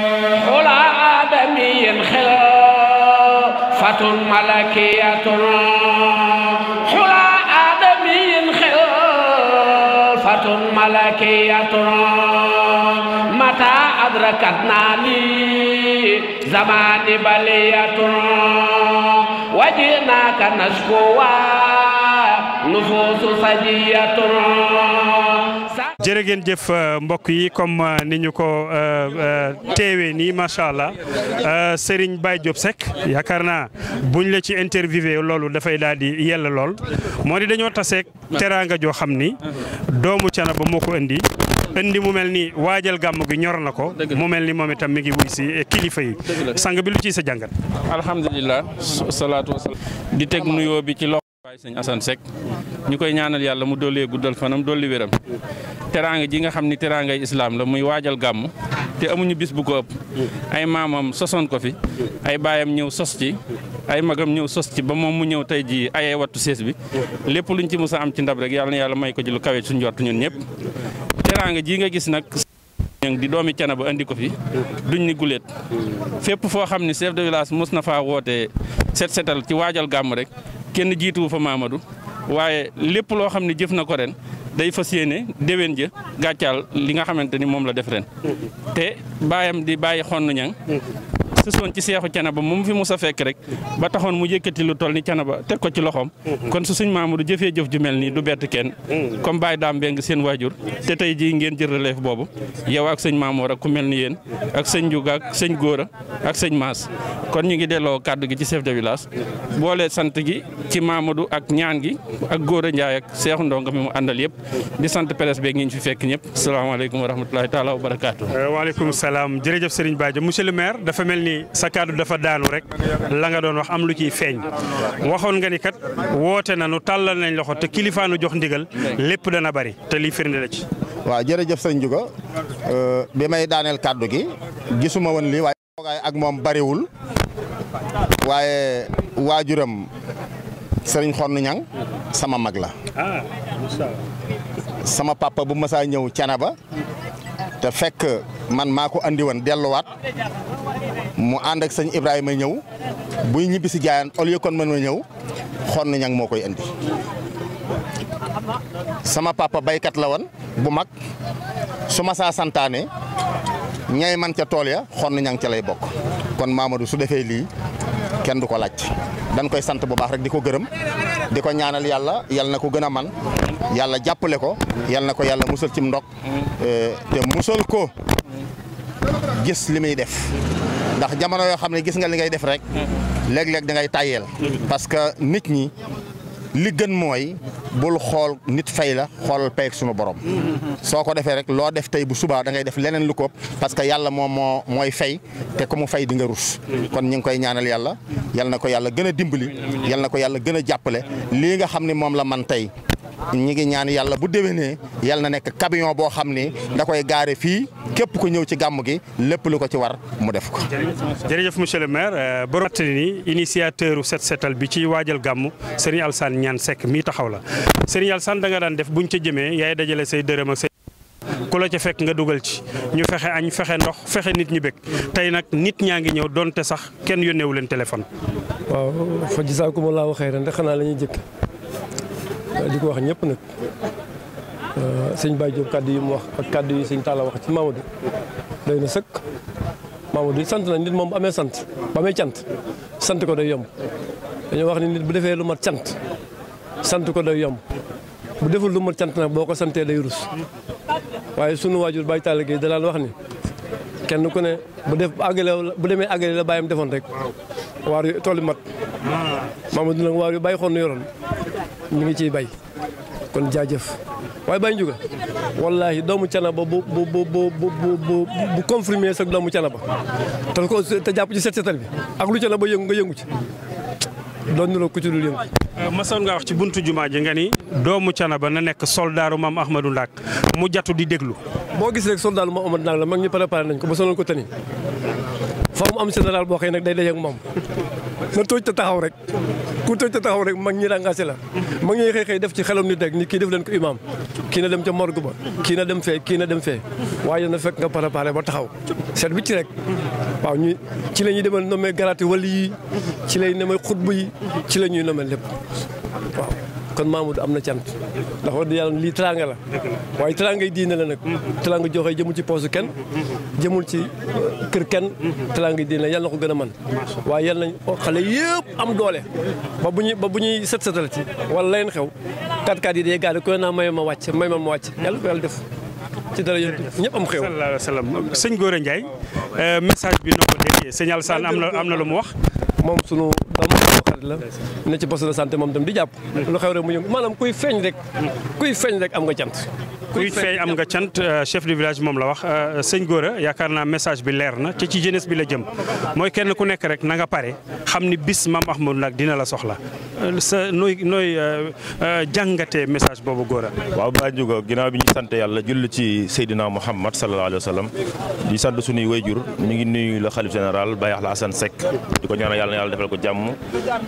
العالمين خلافة ملكية حلى آدمي خلافة ملكية متى أدركتنا لي زمان بلية وجئناك نشكوى نفوس صدية jërë ngeen jëf euh, mbokk yi comme euh, ni ñu ko euh, teewee nii macha allah Serigne Baye Diop Seck yaakaar naa buñ la ci interviewé loolu dafay daal di yella lool moo di dañoo taseek teraanga joo xam ni doomu Thiénaba moo ko indi indi mu mel ni waajal gàmm gi ñor na ko mu mel ni moom itam mi ngi wuy si kilifa yi sang bi lu ciy sa jàngat alhamdulillah salaatu wasalaam di teg nuyoo bi ci loxo Baye Sëñ Assane Seck ñu koy ñaanal yàlla mu dolli guddal fanam dolli wéram teraanga ji nga xam ni teraangay islaam la muy waajal gàmm te amuñu bis bu ko ëpp ay maamam sosoon ko fi ay baayam ñëw sos ci ay magam ñëw sos ci ba moom mu ñëw tey ji ayee wattu sees bi lépp luñ ci mës a am ci ndab rek yàlla na yàlla may ko ji lu kawe suñu jot ñun ñëpp teraanga ji nga gis nag di doomi cana ba indi ko fi duñ ni guléet fépp foo xam ne chef de village mos na faa wootee set setal ci waajal gàmm rek kenn jiituwu fa maamadu waaye lépp loo xam ne jëf na ko ren day fas yéene déwén ja gàccaal li nga xamante ni moom la def ren mm-hmm. te baayam di bàyyi xonn ñang mm-hmm. soon ci seexu canaba mum fi musa fek rek ba taxone mu yëkkati lu toll ni canaba tek ko ci loxom mhm. kon su suñ mamadou jeffe jëfee ju melni du bet ken mhm. comme Baye dam beng sen wajur te tay ji ngeen jël relève bobu yow ak sëñ Maamoor ak ku melni ni ak sëñ djuga ak sëñ Góora ak sëñ Maas kon ñu ngi delo kàddu gi ci chef de village boole sante gi ci Mamadou ak ñaan gi ak Góora Njaay ak Seexu Ndongo mi mu andal yëpp di sante presse be ngeen ñu fek ñep assalamu alaykum wa rahmatullahi taala wa barakaatu eh, waaleykum serigne baye monsieur le maire dafa melni Sakar sa kàddu dafa daanu rek la nga doon wax am lu ciy feeñ waxoon nga ni kat woote na nu nañ loxo te kilifaanu jox ndigal lépp dana bari te li firnde la ci. waaw jërëjëf sëñ euh, may daaneel kàddu gi gisuma woon lii ak bariwul waaye wajuram sëriñ xonn ñang sama magla. sama papa bu masaa ñëw cana ba te fekk man maa ko andi mu and ak seigne Ibrahima ñew bu ñibbi si jaayaan au lieu kon mëna ñew xon na ñang mokoy koy sama papa baykat la won bu mag su ma saa ñay man ca tol ya xon na ñang ca lay bok kon Mamadou su defé li kenn du ko dañ koy sante bu baax rek diko gëreum diko ñaanal yalla yalla nako gëna man yalla jappalé ko yalla nako yalla musul ci ci euh té musul ko gis limay def ndax jamono yoo xam ne gis nga li ngay def rek léeg-léeg da ngay tàyyeel parce que nit ñi li gën mooy bul xool nit fay la xoolal pay ak sunu borom soo ko defee rek loo def tey bu subaa da ngay def leneen lu ko parce que yàlla moom moo mooy fay te ko mu fay di nga rus kon ñu ngi koy ñaanal yàlla yal na ko yàlla gën a dimbali yal na ko yàlla gën a jàppale lii nga xam ne moom la man tey ñi ngi ñaan yàlla bu déwénee yàlla na nekk camion boo xam ni da koy gaare fii képp ku ñëw ci gàmm gi lépp lu ko ci war mu def ko. jërëjëf monsieur le maire euh, borom ni initiateur u set setal bi ci waajal gàmm Serigne Alassane Niane Seck mii taxaw la Serigne Alassane danga daan def buñ ca jëmee yaay dajale say dërëm ak say ku la ca fekk nga dugal ci ñu fexe añ fexe ndox fexe nit ñi bëgg tey nag nit ñaa ngi ñëw donte sax kenn yónneewu leen téléphone. waaw fa jisaakumullahu di ko wax ñëpp nag euh, sëñ Baye Diop kàddu yi mu wax ak kàddu yi sëñ Talla wax ci Mamadou doy na sëkk Mamadou sant na moom amee sant bu amee cant sant ko day yomb dañoo wax ni nit bu defee lu mat cant sant ko day yomb bu deful lu mat cant nag boo ko santee day rus waaye sunu waajur baay Talla Gueye da daan wax ni kenn ku ne bu def àggale bu demee àggale la bàyyam defoon rek waar yu tool mat Mamadou nag waar yu bàyyi xoon yoroon ñu ngi ciy bay kon jaajëf waaye Baye Ndiouga wallaahi doomu canaba bu bu bu bu bu bu confirmé sa doomu canaba te ko te jàpp ci set setal bi ak lu canaba yëngu nga yëngu ci doon na la ku ci dul yëngu. Euh, masoon nga wax ci buntu jumaa ji nga ni doomu canaba na nekk soldaaru ma Ahmadou Ndaak mu jatu di déglu. boo gis rek soldaaru maam Ahmadou Ndaak la mag ñi préparé nañ ko ba sonal ko tani fa mu am général boo xëy nag day dajeeg moom na tooj te taxaw rek ku tooj te taxaw rek mag ñi rangasi la mag ñi xëy xëy def ci xelam ni deg ni kii def leen ko imam kii na dem ca morgue ba kii na dem fee kii na dem fee waaye na fekk nga préparé ba taxaw seet bi ci rek waaw ñu ci la ñuy demal nommé garaati wali yi ci lay nommé xutba yi ci la ñuy nommé lépp kon Mamadou am na cant ndax yàlla lii teraanga la waaye teraanga yi diine la nag mm-hmm. teraanga joxee jëmul ci poosu kenn mm-hmm. jëmul ci kër kenn mm-hmm. teraanga yi diine la yàlla ko gën a man waaye yàlla na xale yëpp am doole ba bu ñuy ba bu ñuy set setal ci wala leen xew kat kat yi dee gaa ko naa may ma wàcc may ma ma wàcc yàlla ko yàlla def ci dara yëpp ñëpp am xew sallallahu alayhi wa sallam sëñ Gora euh, message bi noo ko déggee sëñ am na am na lu mu wax moom sunu ne ci poste de santé mom dem di japp lu xew rek mu ñu manam kuy feñ rek kuy feñ rek am nga cant kuy fay am nga cant euh, chef du village moom la wax euh, sëñ Gora yaakaar naa message bi leer na te ci jeunesse bi la jëm mooy kenn ku nekk rek na nga pare xam ni bis maam Ahmadou nag dina la soxla euh, sa nooy nooy jàngatee message boobu Gora. waaw baa Ndiouga ginnaaw bi ñu sant yàlla jull ci Seydina Mouhamad sallallahu alayhi wa sallam di sant suñuy wayjur ñu ngi nuyu la xalif général la Alassane Seck di ko ñaanal yàlla na yàlla defal ko jàmm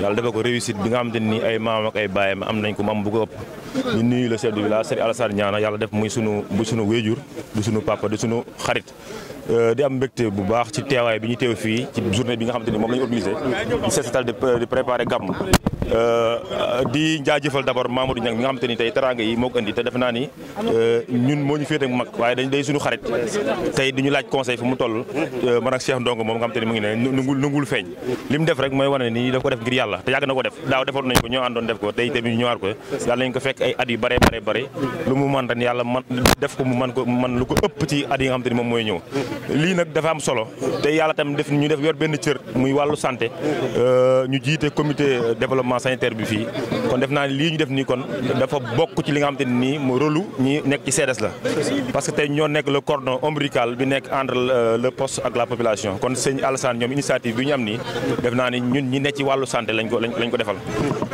yàlla defal ko réussite bi nga am te ni ay maam ay baayam am nañ ko mam bu ko ëpp. ñu nuyu la chef du village Serigne Alassane Niana yàlla def muy sunu bu sunu wéjur du sunu papa du sunu xarit euh, di am mbégte bu baax ci teewaay bi ñu teew fii ci journée bi nga xamante ni moom la ñu organisé di seetal di préparer gàmm Eh, di jaajëfal d'abord Mamadou ñang mi nga xamanteni tay teranga yi moko andi te def na ni eh, ñun moñu ñu ak mak waye dañ day suñu xarit tay duñu laaj conseil fu mu toll eh, man ak Cheikh ndong mom nga xamanteni mu ngi ne nungul nungul feñ lim def rek moy wone ni da ko def ngir yalla te yag na ko def daaw defal nañ ko ño andon def ko te ñu ñuar ko yalla ñu ko fekk ay at yu bare bare bare lu mu man tan yalla man def ko mu man ko man lu ko ëpp ci at yi nga xamanteni mom ni ñew li nak dafa am solo te yalla tam def ñu def yor ben cër muy walu santé ñu jité comité développement sanitaire bi fii kon def naa ne lii ñu def nii kon dafa bokk ci li nga xamante ne nii mu rôlu ñi nekk ci CDS la parce que tey ñoo nekk le cordon ombilical bi nekk entre euh, le poste ak la population kon sëñ Alassane ñoom initiative bi ñu am nii def naa ni ñun ñi ne ci wàllu santé lañ ko lañ ko defal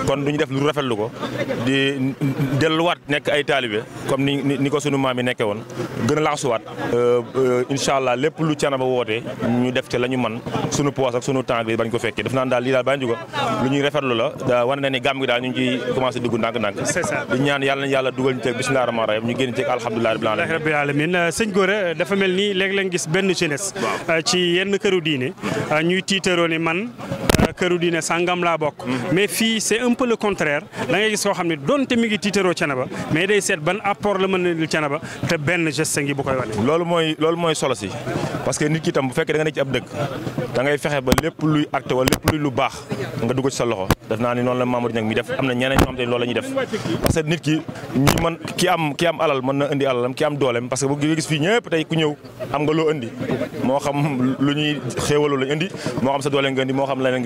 kon du ñu def lu rafet lu ko di delluwaat nekk ay taalibe comme ni ni ko sunu maam yi nekkee woon gën a laxasuwaat euh, euh, incha allah lépp lu Thiénaba woote ñu def ci la ñu man sunu poos ak sunu temps bi bañ ko fekkee def naan daal lii daal baa njuga lu ñuy rafetlu la da na ni gàmm gi daal ñu ngi ciy commencé dugg ndànk-ndànk di ñaan yàlla na yàlla dugal ñu teeg bismillah rahmaan rahim ñu génn teeg alhamdulilah rabbil alamin euh, sëñ Gora dafa mel ni léeg-léeg gis benn jeunesse ci yenn këru diine hmm. ñuy tiitaroo ni man Euh, këru diine sangam laa bokk mhm. mais fii c'est un peu le contraire da ngay gis koo xam ne donte mi ngi tiitaroo Thiénaba mais day seet ban apport la mën a indil Thiénaba te benn geste ngi bu koy wane loolu mooy loolu mooy solo si parce que nit ki tam bu fekkee da nga nekk ci ab dëkk da ngay fexe ba lépp luy acte wala lépp luy lu baax nga dugg ci sa loxo def naa ni noonu la Mamadou Niang mi def am na ñeneen ñoo xam te loolu la ñuy def parce que nit ki ñi mën ki am ki am alal mën na indi alalam ki am dooleem parce que bu gis fii ñëpp tey ku ñëw am nga loo indi moo xam lu ñuy xéewaloo lañ indi moo xam sa doole nga indi moo xam leneen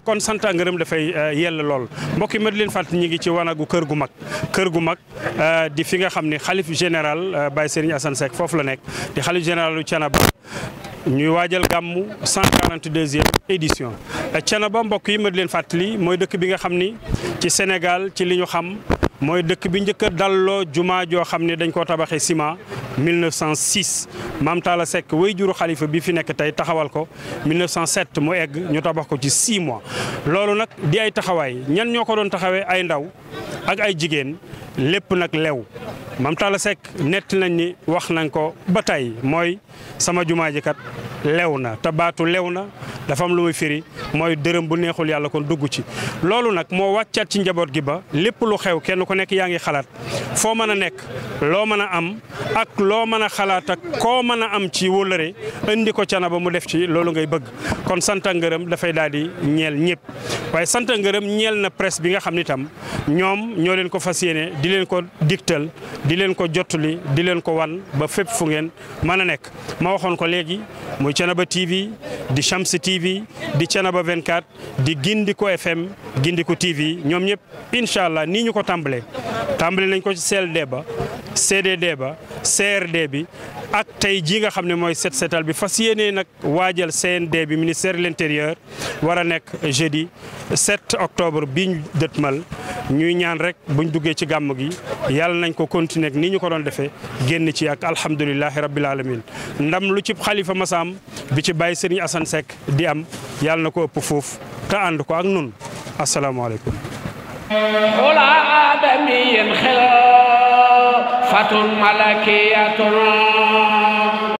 kon sant ak ngërëm dafay euh, yell lool mbokk yi ma di leen fàttali ñu ngi ci wanagu kër gu mag kër gu mag euh, di fi nga xam ni xalif général euh, Baye Serigne Assane foofu la nekk di xalif général lu Thiénaba ñuy waajal gàmmu 142e édition Thiénaba mbokk yi ma di leen fàttali mooy dëkk bi nga xam ni ci Sénégal ci li ñu xam mooy dëkk bi njëkk a dalloo jumaa joo xam ne dañ koo tabaxee ciment 1906 maam Talla sekk way juru xalifa bi fi nekk tey taxawal ko 1907 mu egg ñu tabax ko ci 6 mois. loolu nag di ay taxawaay ñan ñoo ko doon taxawee ay ndaw ak ay jigéen lépp nag lew maam Talla sekk nett nañ ni wax nañ ko ba tey mooy sama jumaa ji kat lew na te baatu lew na. dafa am lu muy firi mooy dërëm bu neexul yàlla kon dugg ci loolu nag moo wàccaat ci njaboot gi ba lépp lu xew kenn ku nekk yaa ngi xalaat foo mën a nekk loo mën a am ak loo mën a xalaat ak koo mën a am ci wóllëre indi ko ca cana ba mu def ci loolu ngay bëgg kon sant ngërëm dafay daal di ñeel ñëpp waaye sant ak ngërëm ñeel na presse bi nga xam ni tam ñoom ñoo leen ko fas yéene di leen ko digtal di leen ko jottali di leen ko wan ba fépp fu ngeen mën a nekk TV di Thiénaba 24 di Gindiko FM Gindiko TV ñoom ñëpp incha allah nii ñu ko tàmbalee tàmbale nañ ko ci CLD ba CDD ba CRD bi ak tey jii nga xam ne mooy set setal bi fas yéenee nag waajal CND bi ministère de l'intérieur war a nekk jeudi 7 octobre bi ñu dëtmal ñuy ñaan rek buñ duggee ci gàmm gi yàlla nañ ko continuer ni ñu ko doon defee génn ci ak alhamdulilahi rabbil alamin ndam lu ci xalifa masaam bi ci bàyyi seriñ Assane Seck di am yàlla na ko ëpp foofu te ànd ko ak nun asalaamaaleykum رأفة ملكية